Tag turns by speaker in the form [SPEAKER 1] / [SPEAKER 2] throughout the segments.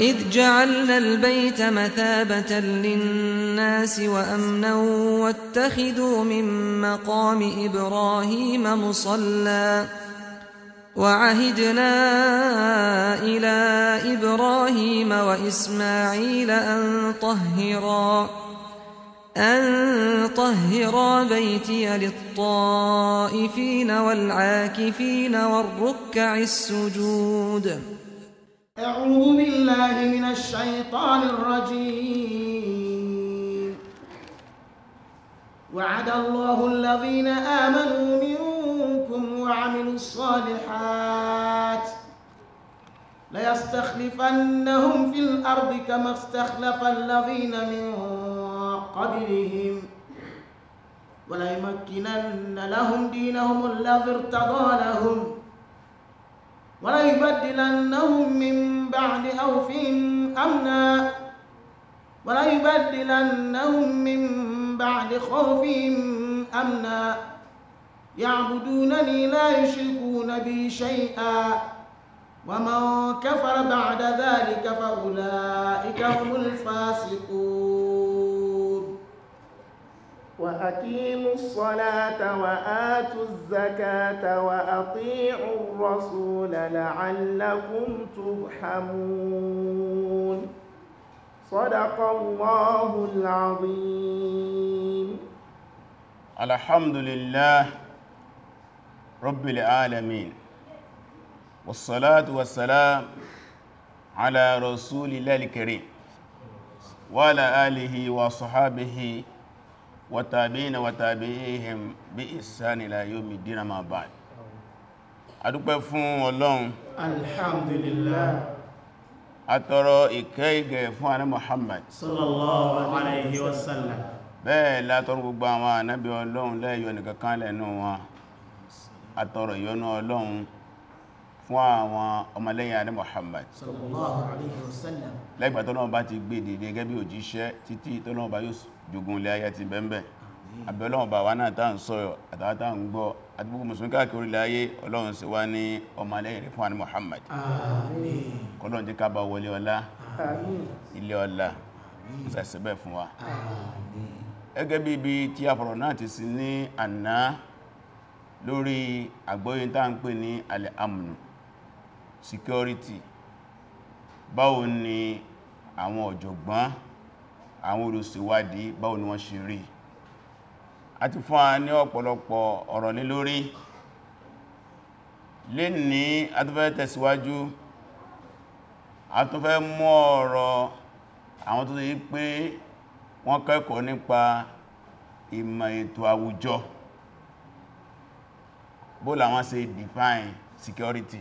[SPEAKER 1] إذ جعلنا البيت مثابة للناس وأمنا واتخذوا من مقام إبراهيم مصلى وعهدنا إلى إبراهيم وإسماعيل أن طهرا أن طهرا بيتي للطائفين والعاكفين والركع السجود أعوذ بالله من الشيطان الرجيم وعد الله الذين آمنوا منكم وعملوا الصالحات ليستخلفنهم في الأرض كما استخلف الذين من قبلهم وليمكنن لهم دينهم الذي ارتضى لهم وليبدلنهم من بعد خوفهم أمنا وليبدلنهم من بعد خوفهم أمنا يعبدونني لا يشركون بي شيئا ومن كفر بعد ذلك فأولئك هم الفاسقون وأقيموا الصلاة وآتوا الزكاة وأطيعوا الرسول لعلكم ترحمون صدق الله العظيم
[SPEAKER 2] الحمد لله رب العالمين والصلاة والسلام على رسول الله الكريم وعلى آله وصحابه wàtàbíyìn wàtàbíyìn bí ìsáni láyé omi dínà máa bá adúpẹ́ fún ọlọ́run alhamdulillah àtọrọ ìkẹ́ ìgẹ̀ fún àná Muhammad sallallahu alayhi wasallam bẹ́ẹ̀ látọrọ gbogbo àwọn ànábí ọlọ́run lẹ́yọ nìkankan lẹ́nu wọn àtọrọ ìyọ́nú ọlọ́run fún àwọn ọmọlẹ́yìn adé Muhammad sallallahu alaihi wasallam lẹ́gbà tọ́lọ́wọ́ bá ti gbé dìde gẹ́gẹ́ bí òjíṣẹ́ títí tọ́lọ́wọ́ bá yóò jogun ilẹ̀ ayé ti bẹ́m̀bẹ̀ àbẹ̀lọ́wọ́ bá wá náà tán sọ́rọ̀ àtàwátà ń gbọ́ àti gbogbo mùsùlùmí káàkiri láyé ọlọ́run sí wá ní ọmọlẹ́yìn rẹ̀ fún àní Muhammad kọlọ́run jẹ́ ká bá wọlé security báwo ni àwọn ọ̀jọ̀gbọ́n àwọn olùṣèwádìí báwo ni wọ́n ṣe rí a ti fún a ní ọ̀pọ̀lọpọ̀ ọ̀rọ̀ lé lórí lè ní a tún fẹ́ tẹ̀síwájú a tún ọ̀rọ̀ àwọn tó yí pé wọ́n kẹ́kọ̀ọ́ nípa ìmọ̀ ètò àwùjọ bó làwọn ṣe define security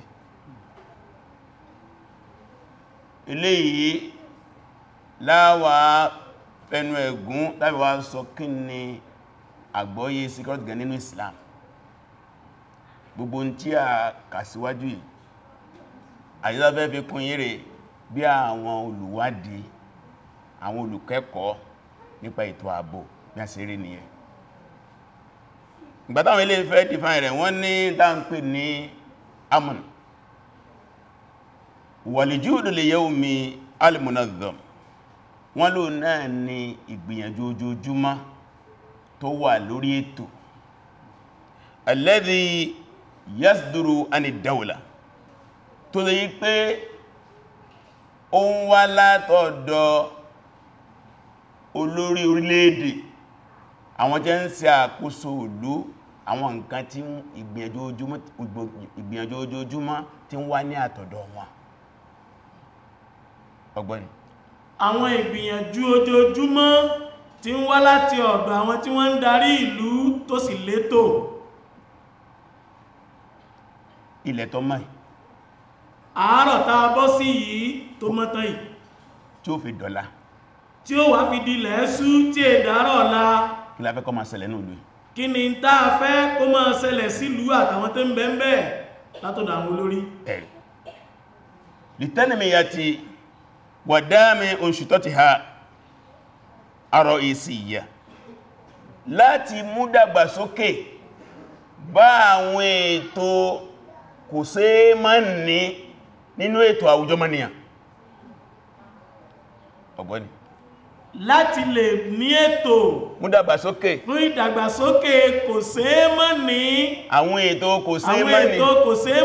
[SPEAKER 2] eléyìí láwà pẹnu ẹ̀gún láti wá sọ kí ni àgbọ́yé secret gan nínú Islam gbogbo tí a kà síwájú yìí àyíláfẹ́ fi kún yíre bí àwọn olùwádìí àwọn olùkẹ́kọ̀ọ́ nípa ètò ààbò bí a ṣe rí nìyẹn ìgbàtàwọn ilé ìfẹ́ define rẹ̀ wọ́n ní dáńpé ní amon wàlìjúdù lè yẹ́wò mi almunazam wọ́n ló náà ni ìgbìyànjú ojoojúmọ́ tó wà lórí ètò alladhi yasduru anid dawla tó lè yí pé ó ń wá látọ̀dọ̀ olórí orílẹ̀-èdè àwọn jẹ́ ń ṣe àkóso ìlú àwọn nǹkan tí ìgbìyànjú ojoojúmọ́ tí ń wá ní àtọ̀dọ̀ wọn ọgbọ́ni
[SPEAKER 3] àwọn ìgbìyànjú ojoojúmọ́ tí ń wá láti ọ̀dọ̀ àwọn tí wọ́n ń darí ìlú tó sì létò ilẹ̀ tó máa àárọ̀ tá a bọ́ sí yìí tó mọ́tán yìí
[SPEAKER 2] tí ó fi dọ̀la
[SPEAKER 3] tí ó wá fi dilẹ̀ ẹ̀sú tí è dárọ̀ ọ̀la
[SPEAKER 2] kí la fẹ́ kó máa ṣẹlẹ̀ ní ìlú
[SPEAKER 3] kí ni tá a fẹ́ kó máa ṣẹlẹ̀ sílùú àtàwọn tó ń bẹ́ẹ̀ látọ̀dọ̀ àwọn olórí
[SPEAKER 2] ẹ̀rì ti wàdámi òṣìtọ́tìhà àrọ̀ èsì ìyà láti mú dàgbàsókè bá àwọn ètò kò sé má ní nínú ètò àwùjọ ọgbọ́ni láti lè ní ètò múdàgbàsókè
[SPEAKER 3] fún ìdàgbàsókè kò ṣe mọ́ ní
[SPEAKER 2] àwọn ètò kò ṣe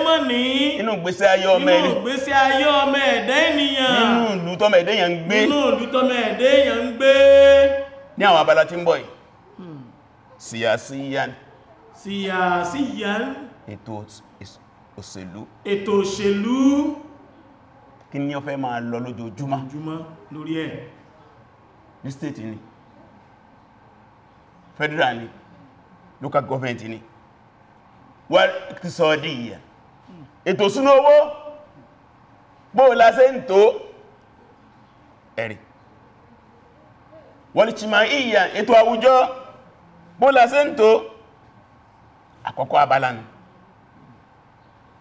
[SPEAKER 3] mọ́ ní inú ìgbésí ayé ọmọ ẹni inú ìgbésí ayé ọmọ ẹ̀dẹ́ ènìyàn nínú ìlú tọ́mọ ẹ̀dẹ́ ènìyàn ń gbé nínú ìlú tọ́mọ ẹ̀dẹ́ ènìyàn ń gbé ní àwọn abala tí ń bọ̀ yìí hmm.
[SPEAKER 2] síyàsíyàn ní state ni federal ni local government ni wal iqtisadiyya ètò súnú owó bóò lásẹ́ ń tó ẹ̀rì wal ijtimaiyya ètò àwùjọ bóò lásẹ́ ń tó àkọ́kọ́ abala ni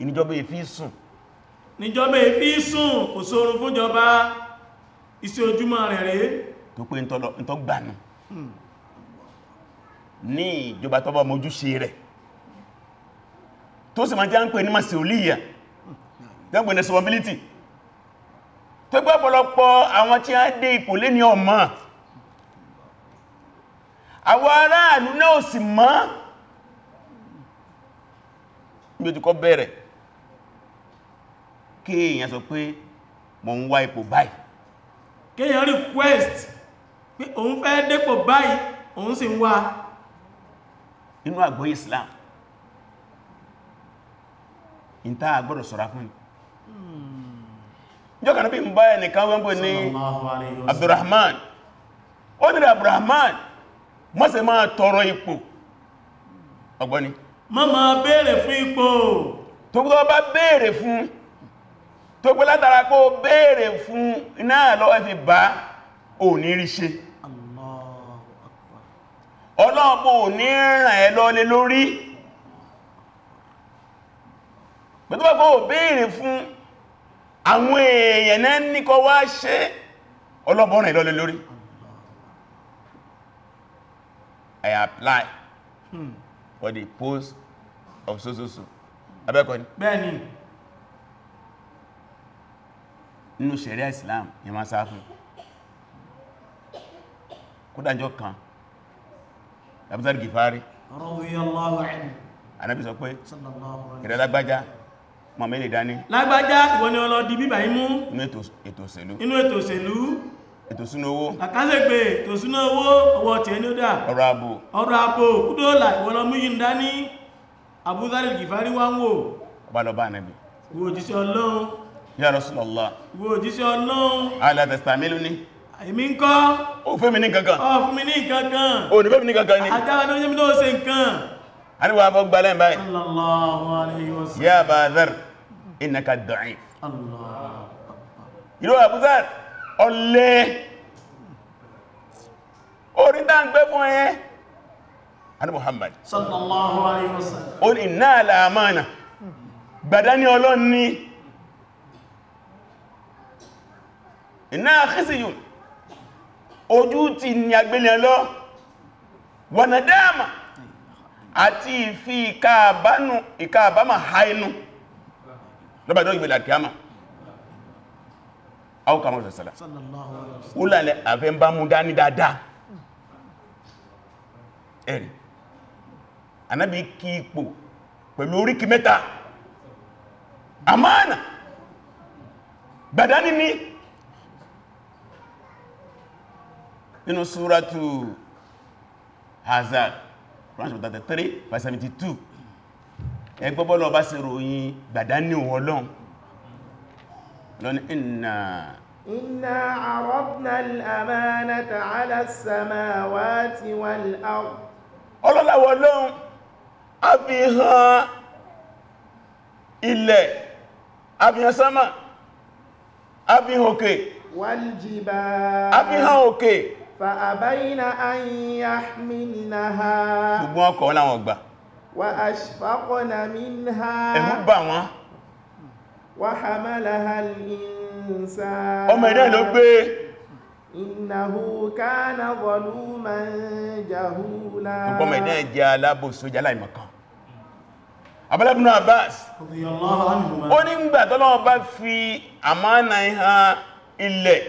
[SPEAKER 3] ìníjọba èfí sùn níjọba èfí sùn kò sórun fúnjọba iṣẹ́ ojúmọ́ rẹ̀ rèé
[SPEAKER 2] tó pé ń tọ́ gbànú ní ìjọba tó bá mojúṣe rẹ̀ tó sì máa jẹ́ ń pè ní masioliya jẹ́gbẹ̀ responsibility tó gbé ọ̀pọ̀lọpọ̀ àwọn tí a dé ipò lé ní ọmọ àwọn aráàlú náà sì mọ́ ní ojúkọ́ bẹ̀rẹ̀ kí èèyàn sọ pé mo ń wá ipò báyìí
[SPEAKER 3] kí èèyàn request pé òun fẹ́ dépò báyìí òun sì ń
[SPEAKER 2] wá nínú àgbọ́ Islam ìta àgbọ́dọ̀ sọ̀rọ̀ fún ìjọ́ hmm. kan bí n bá ẹnìkan wọ́n bó ní Abdurrahman ó nílẹ̀ Abdurrahman má ṣe máa tọrọ ipò ọgbọ́ni má máa béèrè fún ipò tó gbọ́ bá béèrè fún tó gbọ́ látara kó béèrè fún iná lọ́wọ́ fi bá ò ní rí ṣe ọlọ́ọ̀bọ̀ ò ní ràn ẹ lọ́lé lórí pẹ̀tọ́ bàbá ò béèrè fún àwọn èèyàn náà ní kọ wá ṣe ọlọ́ọ̀bọ̀ ràn ẹ lọ́lé lórí I apply for the post of so so so abẹ́kọ̀ ni bẹ́ẹ̀ni nínú ṣẹ̀ríà Islam ni ma sáfún kódàjọ́ kan abúzar gifari anábi sọ pé ìrẹ́ lágbájá mọ̀ mẹ́lẹ̀ dání lágbájá ìwọ
[SPEAKER 3] ni ọlọ́dí bíbà imú
[SPEAKER 2] inú ètò òṣèlú inú
[SPEAKER 3] ètò òṣèlú ètò súnú owó àkásẹ̀gbè ètò súnú owó ọwọ́ tí ẹni ó dà ọrọ̀ àbò ọrọ̀ àbò kúdóòlà ìwọ̀lọ́mú yìí dání abúzar gifari wá ń wò
[SPEAKER 2] ọbalọba anábi
[SPEAKER 3] wo òjíṣẹ́ ọlọ́run
[SPEAKER 2] ya Rasulullah
[SPEAKER 3] èmi ń kọ́ o
[SPEAKER 2] fún mi ní kankan
[SPEAKER 3] o fún mi ní kankan
[SPEAKER 2] o ní fún mi ní kankan ní àjára ló jẹ́ mi ló ṣe nǹkan àríwá fọ́ gbà lẹ́yìn báyìí Allahu alayhi wa sallam ya Aba Dharr innaka da'if ìlú Abu Dharr sallallahu alayhi wa sallam ó ní náà ojú ti ní agbélẹ̀ lọ wọ̀nàdáàmà àti ìfi ìkàbámà ha inú lọ́bàdọ́ ìgbèlà kìámà áwùkà mọ́ sọ̀sọ̀lá wúlàlẹ̀ àfẹ́ ń bá mú dání dáadáa ẹ̀rì anábi kí ipò pẹ̀lú oríkì mẹ́ta àmánà gbàdání ní nínú súratù hazard branch 33 verse 72 ẹgbọ́bọ́lọ̀ bá sí ròyìn gbàdání Ọlọ́run lọ́nà inna
[SPEAKER 1] inna aradna al-amanata ala as-samawati wal-ard
[SPEAKER 2] ọlọ́láwọ̀ Ọlọ́run a fi ilẹ̀ a fi hàn òkè fàbáyínà àyíyá mìnà ha gbogbo ọkọ̀ láwọn ọgbà
[SPEAKER 1] wà aṣfàkọ́nà mìnà ẹ̀mú bà wọ́n wà hàmàlà hàlìnsà ọmọ ẹ̀dẹ́ ló gbé ìnáhù kánà wọ̀lú ma ń jàhúlá gbogbo ọmọ ẹ̀dẹ́
[SPEAKER 2] jẹ́ alábòsó jẹ́ aláìmọ̀kan abúlábùnú abbas fi àmánà ìhàn ilẹ̀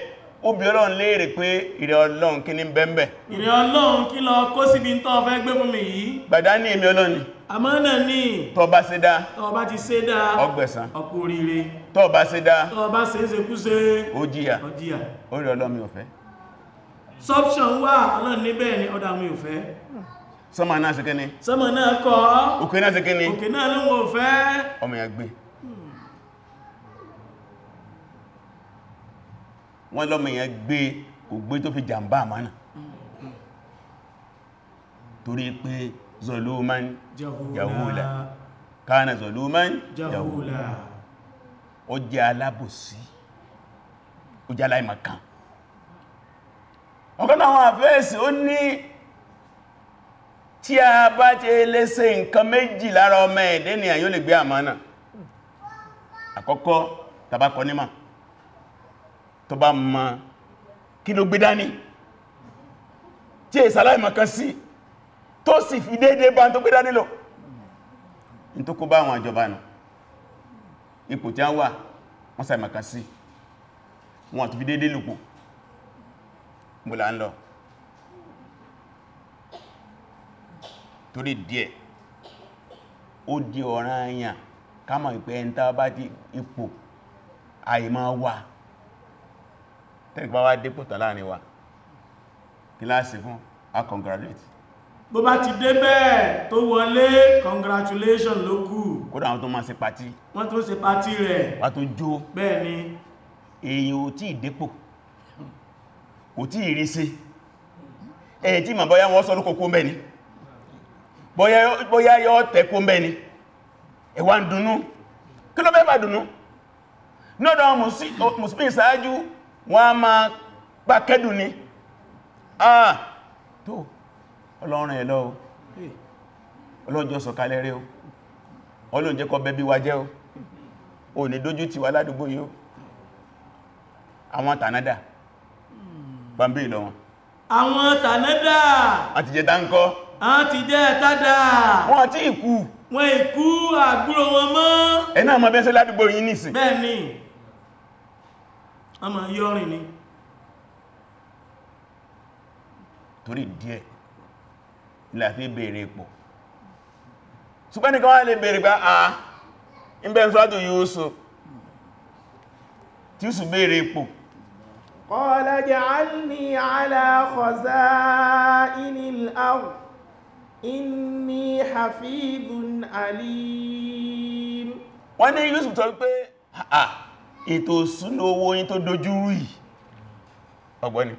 [SPEAKER 2] bí ọlọ́run léèrè pé ìrẹ ọlọ́run kí ní bẹ́m̀bẹ̀ ìrẹ ọlọ́run kí lọ kó
[SPEAKER 3] síbi tó fẹ́ gbé fún mi yìí
[SPEAKER 2] gbàdá ní èmi ọlọ́run ni àmánà ní tọba ṣe dá tọba ti ṣe dá ọgbẹ̀sán ọkù tọba ṣe dá tọba ṣe é ṣekúṣe ojíyà ojíyà orí ọlọ́run ò fẹ́
[SPEAKER 3] subscription wà ọlọ́run níbẹ̀ ni ọdá mi ò fẹ́
[SPEAKER 2] sọ́mà náà ṣe kíní sọ́mà náà kọ́ òkè wọ́n lọ́mọ yẹn gbé kò gbé tó fi jàmbá àmánà torí pé zoluman yahula kana zoluman yahula ó jẹ́ alábòsí ó jẹ́ aláìmọ̀kan ọ̀kan àwọn àfẹ́ẹ̀sì ó ní tí a bá ti lè ṣe nǹkan méjì lára ọmọ ẹ̀dẹ́ ni àyó lè gbé àmánà àkọ́kọ́ tabakọ nímọ̀ tó bá mọ̀ kí ló gbé dání tí è sàlá ìmọ̀kan sí tó sì fi déédé bá tó gbé dání lọ ní tó kó bá àwọn àjọba nù ipò tí a wà wọ́n sàì mọ̀kan sí wọ́n àti fi déédé lùpò múlá ń lọ torí díẹ̀ ó di ọ̀ranyàn ká mọ̀ ìpẹ́ ń ipò àìmọ́ wà tẹ́gbà wá dépò tà láàrin wa kíláàsì fún a congratulate
[SPEAKER 3] bó bá ti dé bẹ́ẹ̀ tó
[SPEAKER 2] wọlé congratulation ló kù kódà wọn tó máa ṣe pàtí wọ́n tó ṣe pàtí rẹ̀ wà tó jó bẹ́ẹ̀ ni èyàn ò tí dépò kò tí rí sí ẹ̀yẹ̀ tí ma bọ́yá wọ́n sọ́rọ̀ kókó mẹ́ni bọ́yá yọ́ tẹ́kó mẹ́ni ẹ̀wà ń dùnú kí ló mẹ́fà dùnú náà dán mùsùlùmí ṣáájú wọ́n a máa gbá kẹ́dùn ní àà ah! tó ọlọ́run ẹ̀lọ́ o ọlọ́jọ́ sọ̀kalẹ̀ rẹ̀ o ọlọ́run jẹ́ kó bẹ́bí wa jẹ́ o ò ní dójú tì wá ládùúgbò yìí àwọn tànádà bambí ìlọ wọn
[SPEAKER 3] àwọn tànádà àti jẹ́ jẹ́ tádà wọ́n ti ìkú wọ́n ìkú àgbúrò wọn mọ́ ẹ̀nà àmọ́ bẹ́ẹ̀ yìí nìsìn bẹ́ẹ̀ ni a máa yọ́rìn ni
[SPEAKER 2] torí díẹ̀ láti bèèrè pọ̀ ṣùgbọ́n nìkan wá lè bèèrè pé a ń bẹ́ ṣọ́dún yóò so tí ó sì bèèrè pọ̀
[SPEAKER 1] qala ja'alni ala khaza'inil ard inni hafidun alim
[SPEAKER 2] wọ́n ní Yusuf sọ pé àà ètò ìṣúná owó yín tó dojúrú yìí ọgbọ́ni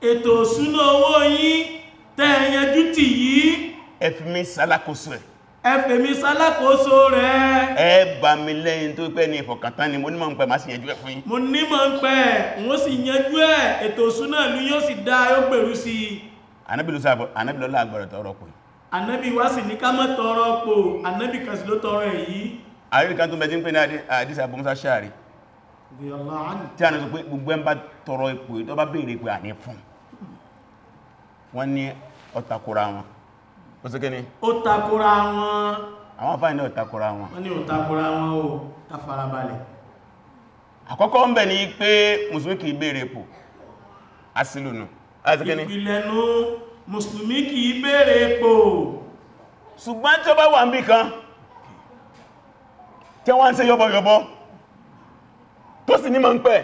[SPEAKER 3] ètò ìṣúná owó yín tẹ́ẹ̀yẹjú tì yìí
[SPEAKER 2] ẹ fi mí ṣalákòóso ẹ̀
[SPEAKER 3] ẹ fi mí ṣalákòóso rẹ̀ ẹ
[SPEAKER 2] bá mi lẹ́yìn tó pẹ́ ní ìfọ̀kàntán ni mo nímọ̀ ń pẹ́ má sì yẹjú ẹ̀ fún yín mo nímọ̀ ń pẹ́ wọ́n sì yẹjú
[SPEAKER 3] ẹ̀ ètò ìṣúná ìlú yóò sì dá yóò gbèrú sí i anábìlọ́lá agbọ̀rọ̀ tọrọ pé anábì wá sì ní ká mọ́ tọrọ àríkà
[SPEAKER 2] tó mẹ́jì ń ní àdísà bọ́mọ́sá ṣáàrí tí a ní sọ pé gbogbo ẹ bá tọrọ ipò tó bá béèrè pé àní fún wọ́n ní ọ̀takora wọn ó sì kíni
[SPEAKER 3] ọ̀takora wọn
[SPEAKER 2] àwọn afáà ní ọ̀takora wọn wọ́n ní ọ̀takora wọn ó tafarabalẹ̀ àkọ́kọ́ ń bẹ̀ ní pé mùsùlùmí kìí béèrè ipò asìlùnù ṣùgbọ́n tí ó bá wà ń bí kan tí wọ́n ń ṣe yọ́bọ̀yọ́bọ̀ tó sì ní mọ̀ ń pẹ̀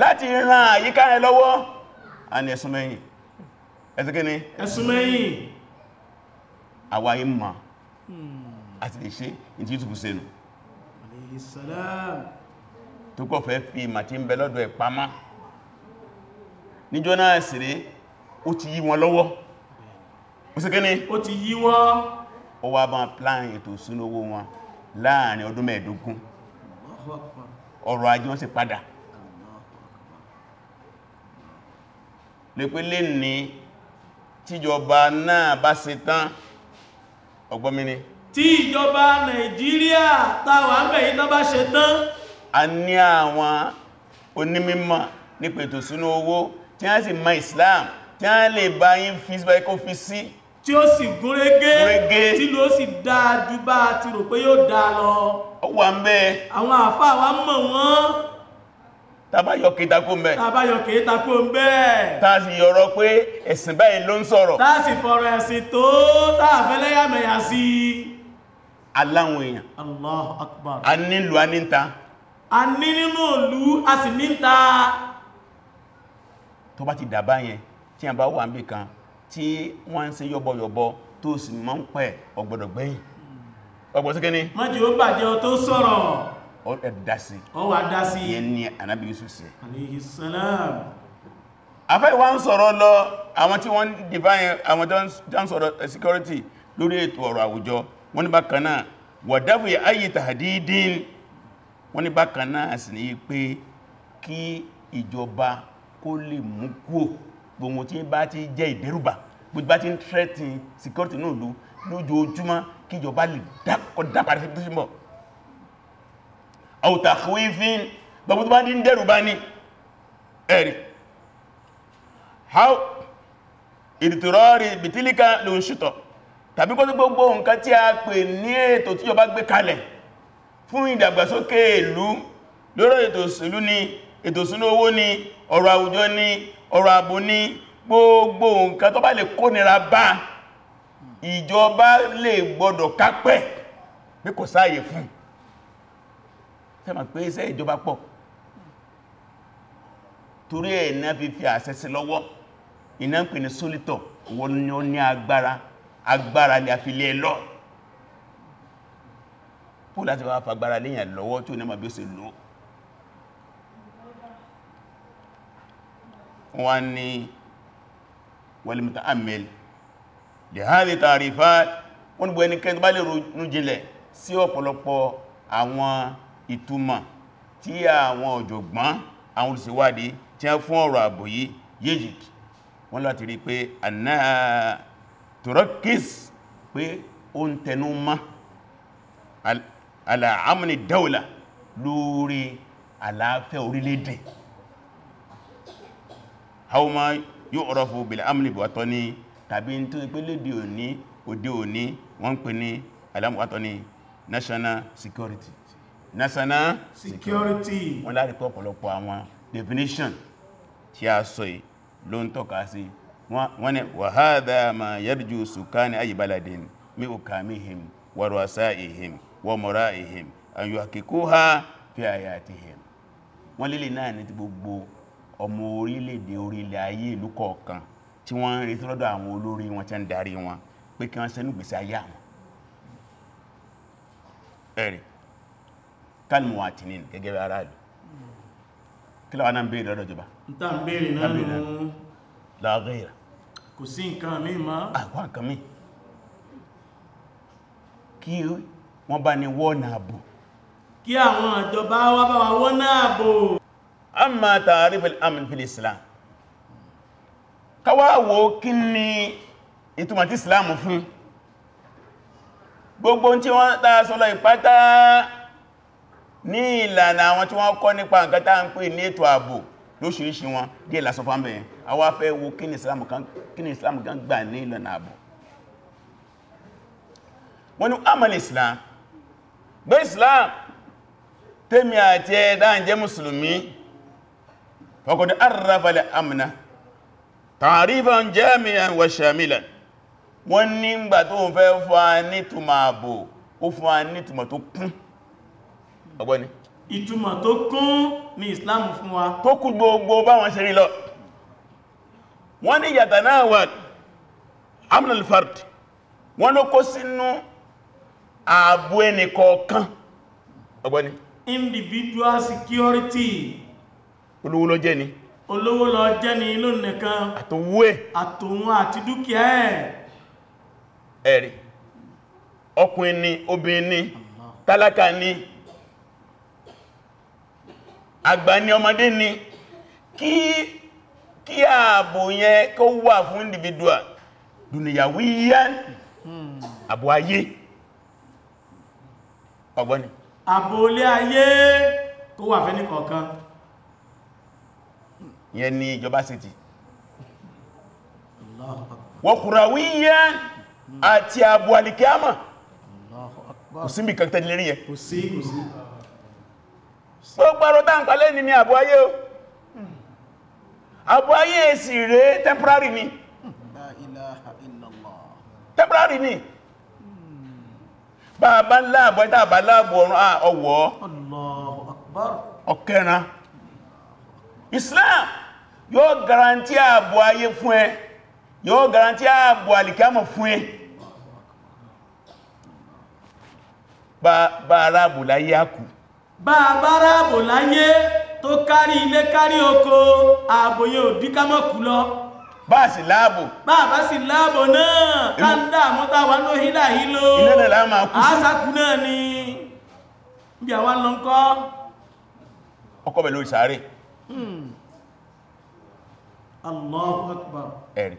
[SPEAKER 2] láti ran àyíká rẹ lọ́wọ́ a ní ẹ̀sùn mẹ́yìn ẹ̀sùn kí ni ẹ̀sùn mẹ́yìn àwáyé mọ̀ àti hmm. lè ṣe ìtí YouTube sẹ́nu tó kọ́ fẹ́ fi ìmà tí ń bẹ lọ́dọ̀ ẹ̀ pamá níjọ́ náà sì ó ti yí wọn lọ́wọ́ ó wá bá plan ètò ìṣúná wọn láàrin ọdún mẹ́ẹ̀dógún ọrọ̀ ajé wọ́n sì padà lè pé lè ní tíjọba náà bá ṣe tán ọgbọ́n ni tí ìjọba Nàìjíríà táwà ń bẹ̀yí tán bá ṣe tán a ní àwọn onímímọ̀ nípa ètò owó tí a sì mọ Islam tí a lè bá yín fi sí
[SPEAKER 3] tí ó sì gúnrégé tí ló sì dáa ju bá ti rò pé yóò dáa lọ ó wà ń bẹ àwọn àfá wa mọ̀ wọ́n
[SPEAKER 2] tàbáyọ̀ kéta kó mẹ́ tàbáyọ̀ kéta kó mẹ́ tààsì yọ̀rọ̀ pé ẹ̀sìn báyìí ló ń sọ̀rọ̀ tààsì fọ̀rọ̀ ẹ̀sìn tó tààfẹ́lẹ́yàmẹ̀yà sí aláwọn Akbar a nílùú a níta
[SPEAKER 3] a ní nínú òlú
[SPEAKER 2] ti dàbá yẹn tí a bá tí wọ́n ń ṣe yọ́bọ̀yọ̀bọ̀ tó sì mọ́ ń pẹ̀ ọgbọ̀dọ̀ gbẹ̀yìn ọgbọ̀dọ̀ sí kíní mọ́jì ó bàjẹ́ tó sọ̀rọ̀ ó dásí ó wà dásí yẹn ni anábi yusuf sí alayhi salam afẹ́ ìwá ń sọ̀rọ̀ lọ àwọn tí wọ́n divine àwọn tó ń sọ̀rọ̀ security lórí ètò ọ̀rọ̀ àwùjọ wọ́n ní bákan náà wọ̀dáfù ayé tàdídín wọ́n ní bákan náà sì ní pé kí ìjọba kó lè mú kúò gbogbo tí bá ti jẹ́ ìdẹ́rùbà gbogbo bá ti ń threaten security náà ló lójoojúmọ́ kí ìjọba lè dápadà sí bíṣẹ́ mọ̀ àwòtà àkọwéfín gbogbo tó bá ní dẹ́rùbà ní ẹ̀rì how ìdìtòrọ́rì bìtílíkà ló ń ṣùtọ̀ tàbí kó tó gbogbo nǹkan tí a pè ní ètò tí ìjọba gbé kalẹ̀ fún ìdàgbàsókè ìlú lórí ètò ìṣèlú ni ètò ìṣúná owó ni ọ̀rọ̀ àwùjọ ni ọ̀rọ̀ àbò ní gbogbo nǹkan tó bá lè kó nira bá ìjọba lè gbọdọ̀ kápẹ́ bí kò sáàyè fún fẹ́mà pé iṣẹ́ ìjọba pọ̀ torí ẹ̀ iná fi fi àṣẹ sí lọ́wọ́ iná ń pè ní sólítọ̀ wọ́n ni ó ní agbára agbára ni a fi lé e lọ púpọ̀ láti wá fagbára léyàn lọ́wọ́ tí ó ní bí ó ṣe lòó wọ́n ní wẹ́lìmìtà amẹ́lì lè ha lè tààrífà wọ́n gbọ́ ẹnikẹ́ni bá lè ronú jinlẹ̀ sí ọ̀pọ̀lọpọ̀ àwọn ìtumọ̀ tí àwọn ọ̀jọ̀gbọ́n àwọn olùṣèwádìí tí a fún ọ̀rọ̀ àbò yìí yéjìk wọ́n láti rí pé àná turakis pé ó ń tẹnu mọ́ aláàmìnì dáwòlà lórí àlàáfẹ́ orílẹ̀-èdè hauma yu'rafu bil amli buwatọ́ ni tàbí tó ń pè lédè òní òde òní wọ́n pè ní alámùwátọ́ ni national security national security wọ́n láti pọ̀ ọ̀pọ̀lọpọ̀ àwọn definition tí a sọ yìí ló ń tọ́ka sí wọ́n ni wa ma yarju sukani ayi baladin mi ukamihim wa ruasaihim wa mura'ihim an ọmọ orílẹ̀-èdè orílẹ̀ ayé ìlú kọ̀ọ̀kan tí wọ́n ń retí lọ́dọ̀ àwọn olórí wọn tí ń darí wọn pé kí wọ́n ṣe nígbèsí ayé àwọn ẹ̀rì kálùmù àtìní gẹ́gẹ́ bí ará ìlú kí náà kí náà àwọn ìjọba wá bá amma ta'rif al-amn fil islam káwàwó kí ni ìtumọ̀ tí islam fún gbogbo tí wọ́n tàà sọ́lọ ìpátá ní ìlànà àwọn tí wọ́n kọ́ nípa nǹkan tàà ń pè ní ètò ààbò lóṣìíṣìí wọn díẹ̀ lásọ fámbẹ̀ àwa fẹ́ wo kí ni islam kan gbà ní ìlànà ààbò wọ́n ni amal islam gbé islam tẹ́mi àti ẹ̀dá ń jẹ́ فقد عرف الأمن تعريفا جامعا وشاملا wọ́n ní ìgbà tó ń fẹ́ fún a ní túnmà àbò ó fún a ní túnmà tó kún ọgbọ́ni ìtúnmà tó kún ní Islam fún wa tó kú gbogbo báwọn ṣe rí lọ wọ́n ní yàtà náà wà amnal fard wọ́n ló kó sínú ààbò ẹnìkọ̀ọ̀kan ọgbọ́ni
[SPEAKER 3] individual security
[SPEAKER 2] olówó lọ jẹ́ ni
[SPEAKER 3] olówó lọ jẹ́ ni ló nìkan àtòwó ẹ̀ àtòwó àti dúkìá ẹ̀ ẹ̀rì ọkùnrin ni obìnrin ni tálákà ni
[SPEAKER 2] àgbà ni ọmọdé ni kí kí ààbò yẹn kó wà fún individual dùnìyàwó yíyá àbò ayé ọgbọ́ni
[SPEAKER 3] àbò olé ayé kó wà fẹ́ ní kọ̀ọ̀kan
[SPEAKER 2] yẹn ni ìjọba city
[SPEAKER 3] wọ́kùnràwíyẹ́
[SPEAKER 2] àti àbò alìkíámà kò sí mìkan tẹ́lérí yẹ gbogbo àrọ̀ tàǹpàlẹ́ ni ni àbò ayé o àbò ayé temporary ni temporary ni bàbá láàbọ̀ ẹ̀ta àbá láàbọ̀ ọ̀run ọwọ́ ọkẹran Islam yóò garanti ààbò ayé fún ẹ yóò garanti ààbò alìkámọ̀ fún ẹ bá aráàbò láyé
[SPEAKER 3] àkù bá aráàbò láyé tó kárí ilé kárí oko ààbò yóò dí kámọ̀ kú lọ bá sì láàbò bá bá sì láàbò náà káńdà mọ́ta wà ní òhìlà ìlò ilẹ̀ láàmà kú sí àṣàkú ọkọ̀ bẹ̀ lórí hmm. Allahu Akbar ẹ̀rì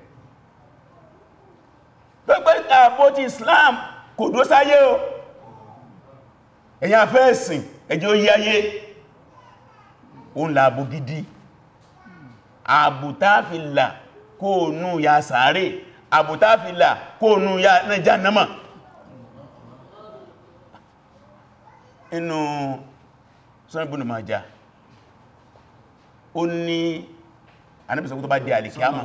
[SPEAKER 2] pẹ́pẹ́ àpò ti Islam kò dó sáyé o ẹ̀yà fẹ́ ẹ̀sìn ẹjọ́ yáyé òun làbò gidi àbùtáfìlà kó nù ya sàárè àbùtáfìlà kó nù ya Jahannama inú sọ́rọ̀bùnù máa já ó ní anábìsọ̀ tó bá di àlìkíyàmà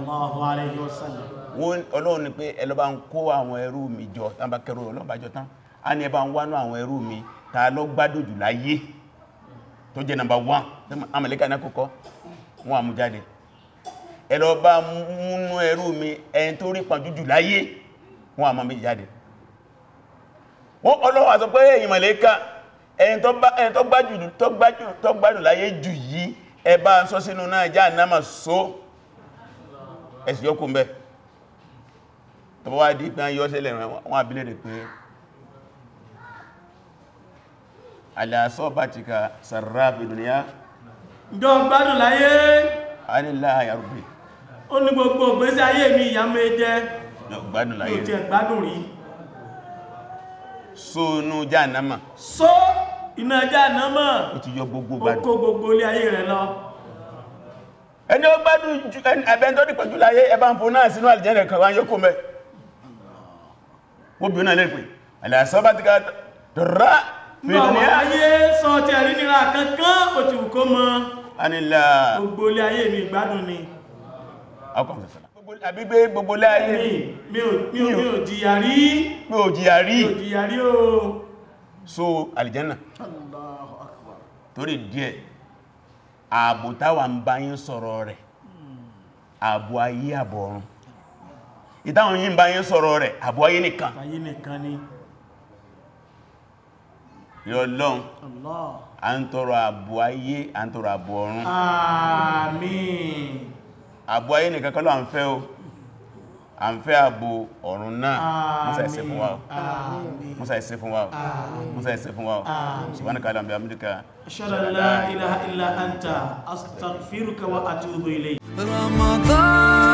[SPEAKER 2] ọlọ́run ni pé ẹlọ́bá ń kó àwọn ẹrú mi jọ tán bá kẹrù ọlọ́bá jọ tán a ní ẹbá ń wánú àwọn ẹrú mi ta lọ gbádùn jù láyé tó jẹ́ nàmbà 1 amẹ́lẹ́kà náà kọ́kọ́ wọ́n àmú jáde ẹlọ́bá múnú tó rí láyé jù yìí Ebe ń sọ sínú náà Jahannama só ẹ̀sì yóò kún bẹ́ di, wá dí pé yọ́ sílẹ̀ rẹ̀ àbílẹ̀ rẹ̀ pé aláàsọ́ bá ti ka sarrafi duniya
[SPEAKER 3] jọ gbádùn láyé
[SPEAKER 2] a ní mi,
[SPEAKER 3] ó ní gbogbo ògbésí ayé mi ìyá méjẹ́ gbádùn láyé so, iná ajá náà mọ̀
[SPEAKER 2] ó ti yọ gbogbo gbádùn ó kó
[SPEAKER 3] gbogbo ilé ayé rẹ̀ lọ
[SPEAKER 2] ẹni ó gbádùn ẹbẹ́ntọ́ ní pẹ̀jú láyé ẹbá ń fún náà sínú àlìjẹ́rẹ̀ kan wáyé kó mẹ́ obìnrin náà lè pè mi gbádùn ni àbígbé gbogbo ilé ayé mi mi ò jìyà rí mi ò jìyà so aljanna
[SPEAKER 3] Allahu
[SPEAKER 2] Akbar torí díẹ̀ ààbò táwà ń bá yín sọ̀rọ̀ rẹ̀ ààbò ayé àbọ̀run ìtàwọn yí ń bá yín sọ̀rọ̀ rẹ̀ ààbò ayé nìkan ni yọ́lọ́n a ń tọrọ ààbò ayé a ń tọrọ ààbò ọ̀run àmín ààbò nìkan kọ́ a ń fẹ́ àbò ọ̀run náà
[SPEAKER 3] musa ìsẹ́ fún wa
[SPEAKER 2] musa ìsẹ́ fún wa musa ìsẹ́ fún wa subhanaka allahumma bi hamdika
[SPEAKER 3] ashhadu an la